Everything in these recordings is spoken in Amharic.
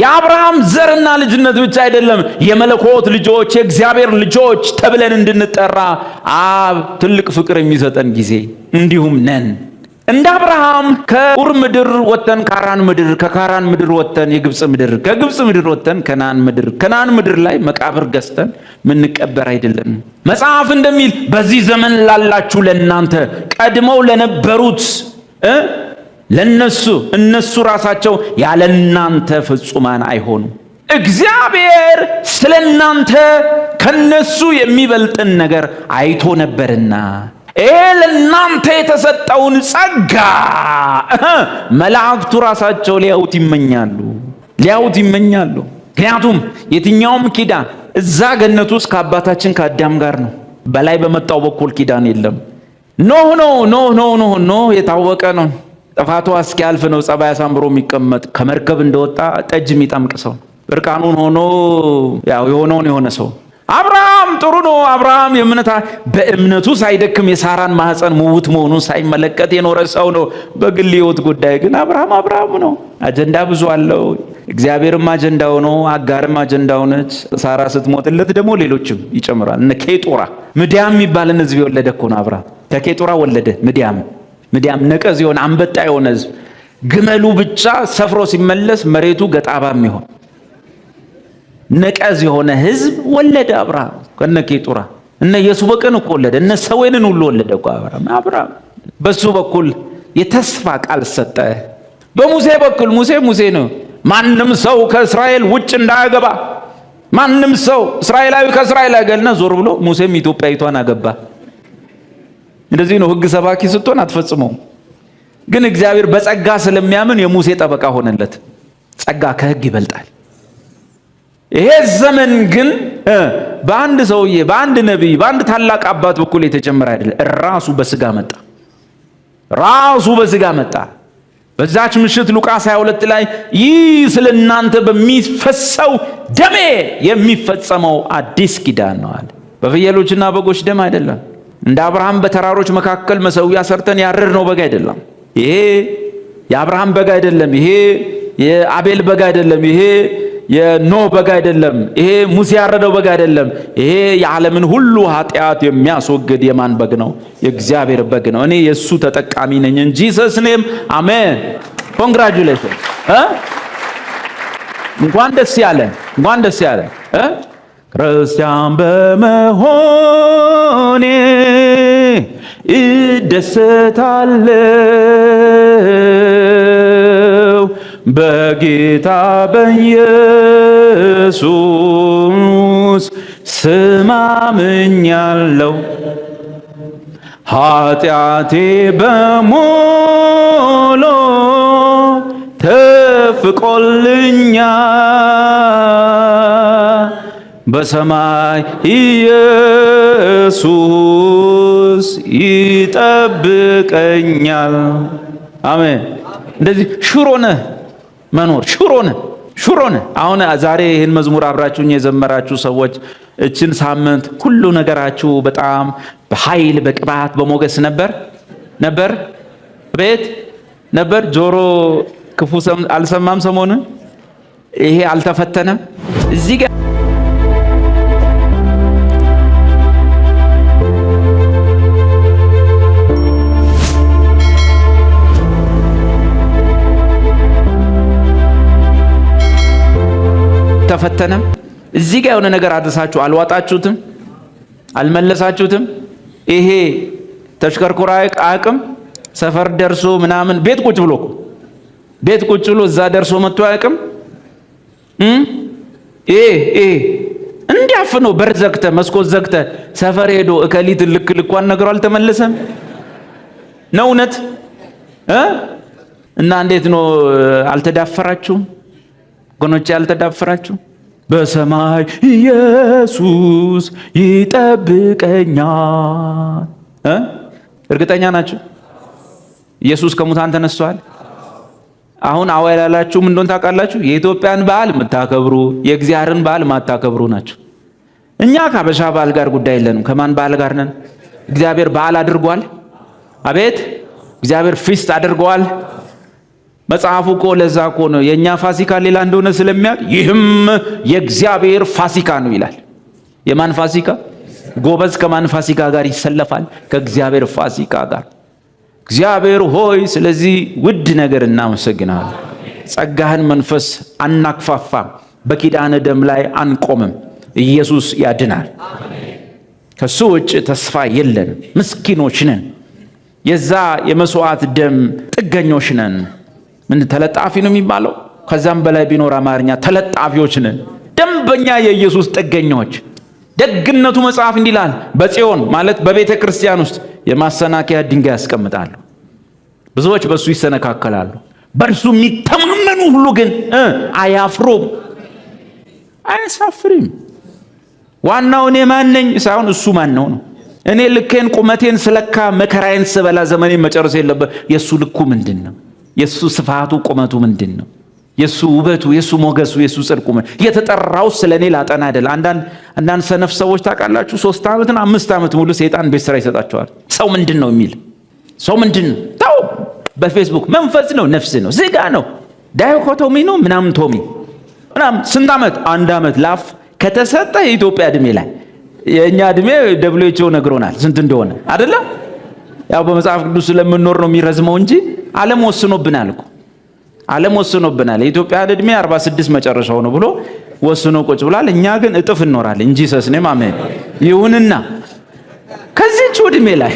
የአብርሃም ዘርና ልጅነት ብቻ አይደለም፣ የመለኮት ልጆች የእግዚአብሔር ልጆች ተብለን እንድንጠራ አብ ትልቅ ፍቅር የሚሰጠን ጊዜ እንዲሁም ነን። እንደ አብርሃም ከኡር ምድር ወጥተን ካራን ምድር፣ ከካራን ምድር ወጥተን የግብፅ ምድር፣ ከግብፅ ምድር ወጥተን ከናን ምድር፣ ከናን ምድር ላይ መቃብር ገዝተን ምንቀበር አይደለም። መጽሐፍ እንደሚል በዚህ ዘመን ላላችሁ ለእናንተ ቀድመው ለነበሩት ለነሱ እነሱ ራሳቸው ያለ እናንተ ፍጹማን አይሆኑም። እግዚአብሔር ስለ እናንተ ከነሱ የሚበልጥን ነገር አይቶ ነበርና ይሄ ለእናንተ የተሰጠውን ጸጋ መላእክቱ ራሳቸው ሊያዩት ይመኛሉ ሊያዩት ይመኛሉ። ምክንያቱም የትኛውም ኪዳን እዛ ገነት ውስጥ ከአባታችን ከአዳም ጋር ነው። በላይ በመጣው በኩል ኪዳን የለም። ኖህ ነው ኖህ ኖህ ኖህ ኖህ የታወቀ ነው። ጥፋቱ እስኪያልፍ ነው ጸባይ አሳምሮ የሚቀመጥ ከመርከብ እንደወጣ ጠጅ የሚጠምቅ ሰው እርቃኑን ሆኖ ያው የሆነውን የሆነ ሰው አብርሃም ጥሩ ነው። አብርሃም የእምነት በእምነቱ ሳይደክም የሳራን ማህፀን ሙውት መሆኑን ሳይመለከት የኖረ ሰው ነው። በግል ህይወት ጉዳይ ግን አብርሃም አብርሃም ነው። አጀንዳ ብዙ አለው። እግዚአብሔርም አጀንዳ ሆኖ አጋርም አጀንዳ ሆነች። ሳራ ስትሞትለት ደግሞ ሌሎችም ይጨምራል። እነ ኬጡራ ምድያም የሚባል ህዝብ የወለደ እኮ ነው አብርሃም። ከኬጡራ ወለደ ምድያም ምድያም ነቀዝ የሆነ አንበጣ የሆነ ህዝብ ግመሉ ብቻ ሰፍሮ ሲመለስ መሬቱ ገጣባም ይሆን ነቀዝ የሆነ ህዝብ ወለደ አብርሃም ከነ ኬጡራ እነ የሱበቅን እኮ ወለደ እነ ሰዌንን ሁሉ ወለደ እኮ አብርሃም አብርሃም በሱ በኩል የተስፋ ቃል ሰጠ በሙሴ በኩል ሙሴ ሙሴ ነው ማንም ሰው ከእስራኤል ውጭ እንዳያገባ ማንም ሰው እስራኤላዊ ከእስራኤል አይገልነ ዞር ብሎ ሙሴም ኢትዮጵያዊቷን አገባ እንደዚህ ነው። ህግ ሰባኪ ስትሆን አትፈጽመውም። ግን እግዚአብሔር በጸጋ ስለሚያምን የሙሴ ጠበቃ ሆነለት። ጸጋ ከህግ ይበልጣል። ይሄ ዘመን ግን በአንድ ሰውዬ፣ በአንድ ነቢይ፣ በአንድ ታላቅ አባት በኩል የተጀመረ አይደለም። ራሱ በስጋ መጣ። ራሱ በስጋ መጣ። በዛች ምሽት ሉቃስ 22 ላይ ይህ ስለ እናንተ በሚፈሰው ደሜ የሚፈጸመው አዲስ ኪዳን ነው አለ። በፍየሎችና በጎች ደም አይደለም። እንደ አብርሃም በተራሮች መካከል መሰዊያ ሰርተን ነው በግ አይደለም። ይሄ የአብርሃም በግ አይደለም። ይሄ የአቤል በግ አይደለም። ይሄ የኖህ በግ አይደለም። ይሄ ሙሴ ያረደው በግ አይደለም። ይሄ የዓለምን ሁሉ ኃጢአት የሚያስወግድ የማን በግ ነው? የእግዚአብሔር በግ ነው። እኔ የእሱ ተጠቃሚ ነኝ። ጂሰስ ኔም አሜን። ኮንግራጁሌሽን! እንኳን ደስ ያለ፣ እንኳን ደስ ያለ። ክርስቲያን በመሆኔ እደሰታለሁ በጌታ በኢየሱስ ስማምኛለሁ ኃጢአቴ በሙሉ ተፍቆልኛል። በሰማይ ኢየሱስ ይጠብቀኛል። አሜን። እንደዚህ ሽሮነ መኖር ሽሮነ ነህ አሁን ዛሬ ይህን መዝሙር አብራችሁኝ የዘመራችሁ ሰዎች እችን ሳምንት ሁሉ ነገራችሁ በጣም በኃይል በቅባት በሞገስ ነበር ነበር ቤት ነበር። ጆሮ ክፉ አልሰማም። ሰሞኑን ይሄ አልተፈተነም እዚህ ጋር ተፈተነም። እዚህ ጋር የሆነ ነገር አድርሳችሁ አልዋጣችሁትም፣ አልመለሳችሁትም። ይሄ ተሽከርኩራዊ አቅም ሰፈር ደርሶ ምናምን ቤት ቁጭ ብሎ ቤት ቁጭ ብሎ እዛ ደርሶ መጥቶ አያውቅም። ይሄ እንዲያፍኖ በር ዘግተ መስኮት ዘግተ ሰፈር ሄዶ እከሊት ልክ ልኳን ነገሩ አልተመለሰም ነው እውነት እና እንዴት ነው አልተዳፈራችሁም? ጎኖች ያልተዳፈራችሁ በሰማይ ኢየሱስ ይጠብቀኛል። እርግጠኛ ናችሁ? ኢየሱስ ከሙታን ተነስተዋል። አሁን አዋ ያላላችሁም እንደሆን ታውቃላችሁ። የኢትዮጵያን በዓል የምታከብሩ የእግዚአብሔርን በዓል ማታከብሩ ናቸው። እኛ ከአበሻ በዓል ጋር ጉዳይ የለንም። ከማን በዓል ጋር ነን? እግዚአብሔር በዓል አድርጓል። አቤት እግዚአብሔር ፊስት አድርጓል። መጽሐፉ እኮ ለዛ እኮ ነው የእኛ ፋሲካ ሌላ እንደሆነ ስለሚያውቅ ይህም የእግዚአብሔር ፋሲካ ነው ይላል። የማን ፋሲካ? ጎበዝ ከማን ፋሲካ ጋር ይሰለፋል? ከእግዚአብሔር ፋሲካ ጋር። እግዚአብሔር ሆይ ስለዚህ ውድ ነገር እናመሰግናለን። ጸጋህን መንፈስ አናክፋፋም፣ በኪዳነ ደም ላይ አንቆምም። ኢየሱስ ያድናል። ከሱ ውጭ ተስፋ የለን። ምስኪኖች ነን። የዛ የመስዋዕት ደም ጥገኞች ነን። ምን ተለጣፊ ነው የሚባለው? ከዛም በላይ ቢኖር አማርኛ ተለጣፊዎች ነን፣ ደንበኛ የኢየሱስ ጥገኛዎች። ደግነቱ መጽሐፍ እንዲላል በጽዮን ማለት በቤተ ክርስቲያን ውስጥ የማሰናከያ ድንጋይ ያስቀምጣሉ። ብዙዎች በእሱ ይሰነካከላሉ። በእርሱ የሚተማመኑ ሁሉ ግን አያፍሩም፣ አያሳፍርም። ዋናው እኔ ማን ነኝ ሳይሆን እሱ ማን ነው ነው። እኔ ልኬን ቁመቴን ስለካ መከራዬን ስበላ ዘመኔን መጨረስ የለበት የእሱ ልኩ ምንድን ነው? የእሱ ስፋቱ ቁመቱ ምንድን ነው? የእሱ ውበቱ፣ የእሱ ሞገሱ፣ የእሱ ጽድቁ የተጠራው ስለ እኔ ላጠና አይደል። አንዳንድ ሰነፍ ሰዎች ታውቃላችሁ፣ ሶስት ዓመትና አምስት ዓመት ሙሉ ሴጣን ቤት ስራ ይሰጣቸዋል። ሰው ምንድን ነው የሚል ሰው ምንድን ነው ተው፣ በፌስቡክ መንፈስ ነው ነፍስ ነው ሥጋ ነው ዳይኮቶሚ ነው ምናምን ቶሚ ምናምን። ስንት ዓመት አንድ ዓመት ላፍ ከተሰጠ የኢትዮጵያ ዕድሜ ላይ የእኛ ዕድሜ ደብሎ ነግሮናል ስንት እንደሆነ አደለም ያው በመጽሐፍ ቅዱስ ስለምንኖር ነው የሚረዝመው እንጂ ዓለም ወስኖብናል እኮ ዓለም ወስኖብናል። የኢትዮጵያ እድሜ 46 መጨረሻው ነው ብሎ ወስኖ ቁጭ ብሏል። እኛ ግን እጥፍ እንኖራለን እንጂ ሰስኔ ማመን ይሁንና ከዚህች ዕድሜ ላይ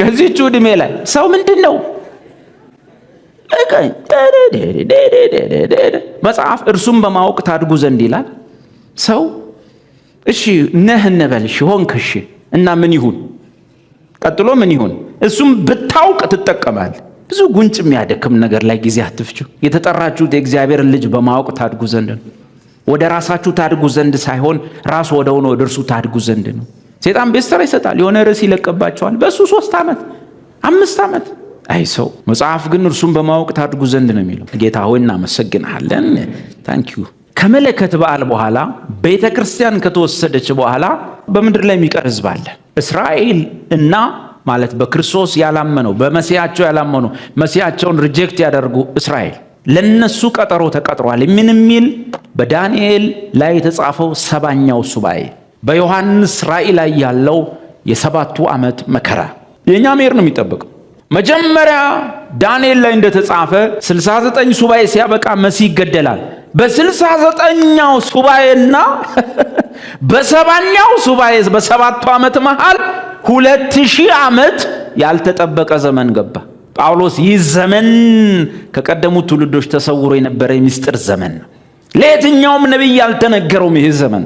ከዚህች ዕድሜ ላይ ሰው ምንድን ነው መጽሐፍ እርሱም በማወቅ ታድጉ ዘንድ ይላል። ሰው እሺ ነህ እንበል፣ እሺ ሆንክ፣ እሺ እና ምን ይሁን ቀጥሎ ምን ይሁን? እሱም ብታውቅ ትጠቀማል። ብዙ ጉንጭ የሚያደክም ነገር ላይ ጊዜ አትፍጩ። የተጠራችሁት የእግዚአብሔር ልጅ በማወቅ ታድጉ ዘንድ ነው። ወደ ራሳችሁ ታድጉ ዘንድ ሳይሆን ራስ ወደ ሆነ ወደ እርሱ ታድጉ ዘንድ ነው። ሴጣን ቤት ስራ ይሰጣል። የሆነ ርዕስ ይለቅባቸዋል። በእሱ ሶስት ዓመት አምስት ዓመት አይ ሰው መጽሐፍ ግን እርሱን በማወቅ ታድጉ ዘንድ ነው የሚለው። ጌታ ሆይ እናመሰግንሃለን። ታንኪዩ ከመለከት በዓል በኋላ ቤተ ክርስቲያን ከተወሰደች በኋላ በምድር ላይ የሚቀር ህዝብ አለ። እስራኤል እና ማለት በክርስቶስ ያላመነው በመሲያቸው ያላመኑ መሲያቸውን ሪጀክት ያደርጉ እስራኤል ለነሱ ቀጠሮ ተቀጥሯል። ምን የሚል በዳንኤል ላይ የተጻፈው ሰባኛው ሱባኤ፣ በዮሐንስ ራእይ ላይ ያለው የሰባቱ ዓመት መከራ የእኛ ምሄር ነው የሚጠበቀው። መጀመሪያ ዳንኤል ላይ እንደተጻፈ 69 ሱባኤ ሲያበቃ መሲህ ይገደላል። በስልሳ ዘጠኛው ሱባኤና በሰባኛው ሱባኤ በሰባቱ ዓመት መሃል ሁለት ሺህ ዓመት ያልተጠበቀ ዘመን ገባ ጳውሎስ። ይህ ዘመን ከቀደሙት ትውልዶች ተሰውሮ የነበረ የሚስጥር ዘመን ነው። ለየትኛውም ነቢይ ያልተነገረውም ይህ ዘመን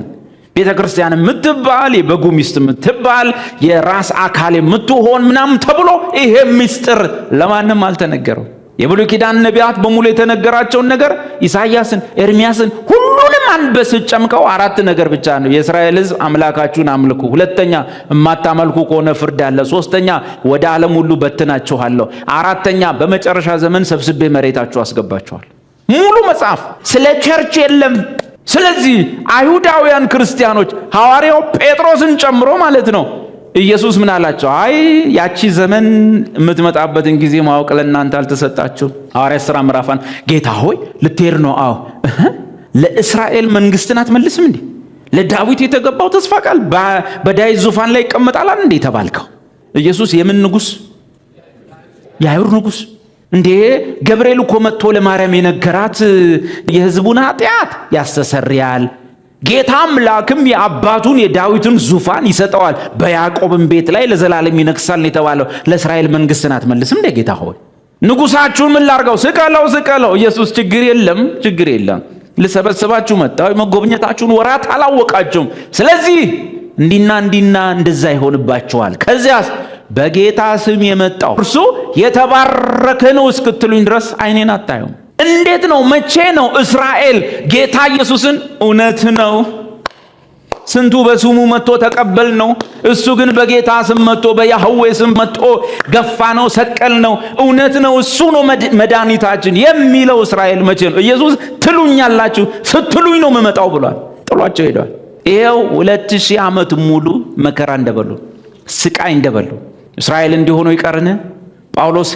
ቤተ ክርስቲያን የምትባል የበጉ ሚስት የምትባል የራስ አካል የምትሆን ምናምን ተብሎ ይሄ ሚስጥር ለማንም አልተነገረው። የብሉይ ኪዳን ነቢያት በሙሉ የተነገራቸውን ነገር ኢሳይያስን፣ ኤርሚያስን ሁሉንም አንበስ ጨምቀው አራት ነገር ብቻ ነው የእስራኤል ሕዝብ አምላካችሁን አምልኩ፣ ሁለተኛ የማታመልኩ ከሆነ ፍርድ አለ፣ ሶስተኛ ወደ ዓለም ሁሉ በትናችኋለሁ፣ አራተኛ በመጨረሻ ዘመን ሰብስቤ መሬታችሁ አስገባችኋል። ሙሉ መጽሐፍ ስለ ቸርች የለም። ስለዚህ አይሁዳውያን ክርስቲያኖች ሐዋርያው ጴጥሮስን ጨምሮ ማለት ነው ኢየሱስ ምን አላቸው? አይ ያቺ ዘመን የምትመጣበትን ጊዜ ማወቅ ለእናንተ አልተሰጣችሁም። ሐዋርያት ሥራ ምዕራፋን ጌታ ሆይ ልትሄድ ነው? አዎ። ለእስራኤል መንግስትን አትመልስም እንዴ? ለዳዊት የተገባው ተስፋ ቃል በዳዊት ዙፋን ላይ ይቀመጣላል እንዴ ተባልከው። ኢየሱስ የምን ንጉሥ? የአይሁድ ንጉሥ እንዴ! ገብርኤል እኮ መጥቶ ለማርያም የነገራት የሕዝቡን ኃጢአት ያስተሰርያል ጌታ አምላክም የአባቱን የዳዊትን ዙፋን ይሰጠዋል፣ በያዕቆብም ቤት ላይ ለዘላለም ይነግሳል የተባለው። ለእስራኤል መንግስትን አትመልስም እንደ ጌታ ሆይ ንጉሳችሁን ምን ላርገው? ስቀለው ስቀለው። ኢየሱስ ችግር የለም ችግር የለም ልሰበስባችሁ መጣ መጎብኘታችሁን ወራት አላወቃችሁም። ስለዚህ እንዲና እንዲና እንደዛ ይሆንባችኋል። ከዚያስ በጌታ ስም የመጣው እርሱ የተባረከ ነው እስክትሉኝ ድረስ አይኔን አታዩም። እንዴት ነው? መቼ ነው እስራኤል ጌታ ኢየሱስን እውነት ነው ስንቱ በስሙ መጥቶ ተቀበል ነው። እሱ ግን በጌታ ስም መጥቶ በያህዌ ስም መጥቶ ገፋ ነው፣ ሰቀል ነው፣ እውነት ነው፣ እሱ ነው መድኃኒታችን የሚለው እስራኤል መቼ ነው? ኢየሱስ ትሉኛላችሁ ስትሉኝ ነው የምመጣው ብሏል። ጥሏቸው ሄዷል። ይኸው ሁለት ሺህ ዓመት ሙሉ መከራ እንደበሉ ስቃይ እንደበሉ እስራኤል እንዲሆኑ ይቀርን ጳውሎስ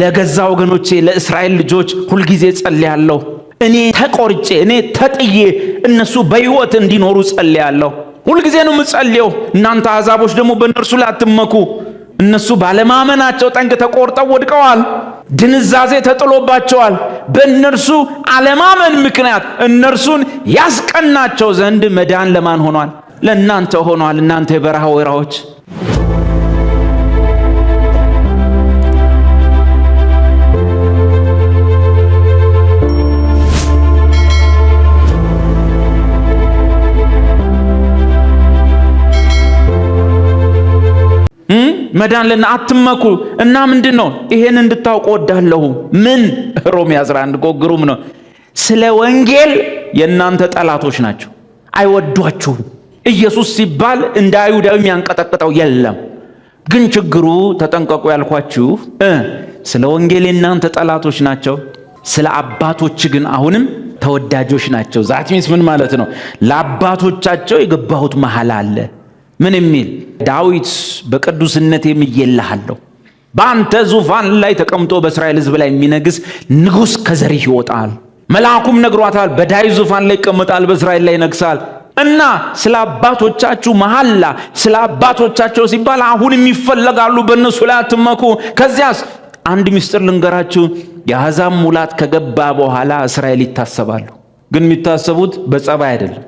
ለገዛ ወገኖቼ ለእስራኤል ልጆች ሁልጊዜ ጸልያለሁ። እኔ ተቆርጬ እኔ ተጥዬ እነሱ በሕይወት እንዲኖሩ ጸልያለሁ። ሁልጊዜ ነው የምጸልየው። እናንተ አሕዛቦች ደግሞ በእነርሱ ላይ አትመኩ። እነሱ ባለማመናቸው ጠንቅ ተቆርጠው ወድቀዋል። ድንዛዜ ተጥሎባቸዋል። በእነርሱ አለማመን ምክንያት እነርሱን ያስቀናቸው ዘንድ መዳን ለማን ሆኗል? ለእናንተ ሆኗል። እናንተ የበረሃ ወይራዎች መዳን ለና አትመኩ እና ምንድን ነው ይሄን እንድታውቁ ወዳለሁ። ምን ሮሜ 11 እኮ ግሩም ነው። ስለ ወንጌል የእናንተ ጠላቶች ናቸው፣ አይወዷችሁም። ኢየሱስ ሲባል እንደ አይሁዳዊ የሚያንቀጠቅጠው የለም። ግን ችግሩ ተጠንቀቁ ያልኳችሁ ስለ ወንጌል የእናንተ ጠላቶች ናቸው፣ ስለ አባቶች ግን አሁንም ተወዳጆች ናቸው። ዛትሚስ ምን ማለት ነው? ለአባቶቻቸው የገባሁት መሃል አለ ምን የሚል ዳዊት በቅዱስነት የምየልሃለሁ በአንተ ዙፋን ላይ ተቀምጦ በእስራኤል ህዝብ ላይ የሚነግስ ንጉሥ ከዘርህ ይወጣል። መልአኩም ነግሯታል። በዳዊት ዙፋን ላይ ይቀመጣል፣ በእስራኤል ላይ ይነግሳል። እና ስለ አባቶቻችሁ መሐላ ስለ አባቶቻቸው ሲባል አሁንም ይፈለጋሉ። በእነሱ ላይ አትመኩ። ከዚያስ አንድ ምስጢር ልንገራችሁ። የአሕዛብ ሙላት ከገባ በኋላ እስራኤል ይታሰባሉ። ግን የሚታሰቡት በጸባይ አይደለም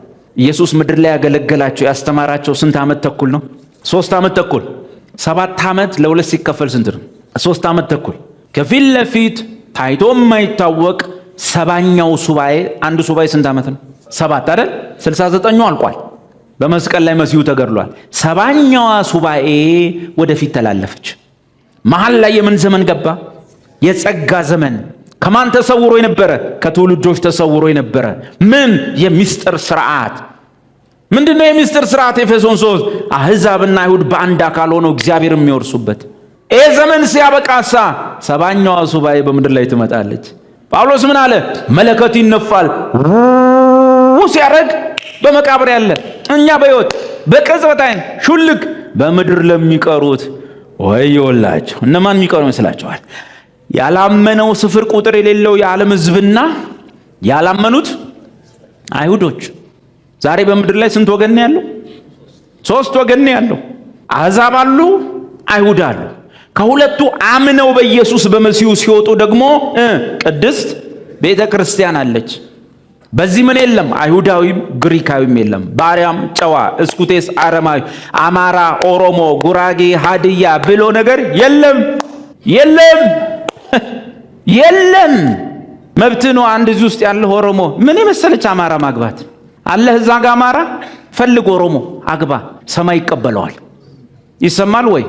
ኢየሱስ ምድር ላይ ያገለገላቸው ያስተማራቸው ስንት ዓመት ተኩል ነው? ሶስት ዓመት ተኩል። ሰባት ዓመት ለሁለት ሲከፈል ስንት ነው? ሶስት ዓመት ተኩል። ከፊት ለፊት ታይቶ የማይታወቅ ሰባኛው ሱባኤ። አንዱ ሱባኤ ስንት ዓመት ነው? ሰባት አይደል? ስልሳ ዘጠኙ አልቋል። በመስቀል ላይ መሲሁ ተገድሏል። ሰባኛዋ ሱባኤ ወደፊት ተላለፈች። መሀል ላይ የምን ዘመን ገባ? የጸጋ ዘመን ከማን ተሰውሮ የነበረ? ከትውልዶች ተሰውሮ የነበረ ምን? የሚስጥር ስርዓት። ምንድን ነው የሚስጥር ስርዓት? ኤፌሶን ሶስት አህዛብና አይሁድ በአንድ አካል ሆነው እግዚአብሔር የሚወርሱበት ይህ ዘመን ሲያበቃሳ ሰባኛዋ ሱባኤ በምድር ላይ ትመጣለች። ጳውሎስ ምን አለ? መለከቱ ይነፋል ሲያደረግ ሲያደርግ በመቃብር ያለ እኛ በሕይወት በቅጽበት ሹልግ ሹልክ በምድር ለሚቀሩት ወዮላቸው። እነማን የሚቀሩ ይመስላችኋል? ያላመነው ስፍር ቁጥር የሌለው የዓለም ሕዝብና ያላመኑት አይሁዶች ዛሬ በምድር ላይ ስንት ወገን ያለው? ሶስት ወገን ያለው አሕዛብ አሉ፣ አይሁድ አሉ። ከሁለቱ አምነው በኢየሱስ በመሲሁ ሲወጡ ደግሞ ቅድስት ቤተ ክርስቲያን አለች። በዚህ ምን የለም፣ አይሁዳዊም ግሪካዊም የለም፣ ባሪያም፣ ጨዋ፣ እስኩቴስ፣ አረማዊ፣ አማራ፣ ኦሮሞ፣ ጉራጌ፣ ሀድያ ብሎ ነገር የለም የለም። የለም መብት ነው። አንድ እዚህ ውስጥ ያለ ኦሮሞ ምን የመሰለች አማራ ማግባት አለህ። እዛ ጋ አማራ ፈልግ ኦሮሞ አግባ፣ ሰማይ ይቀበለዋል። ይሰማል ወይ?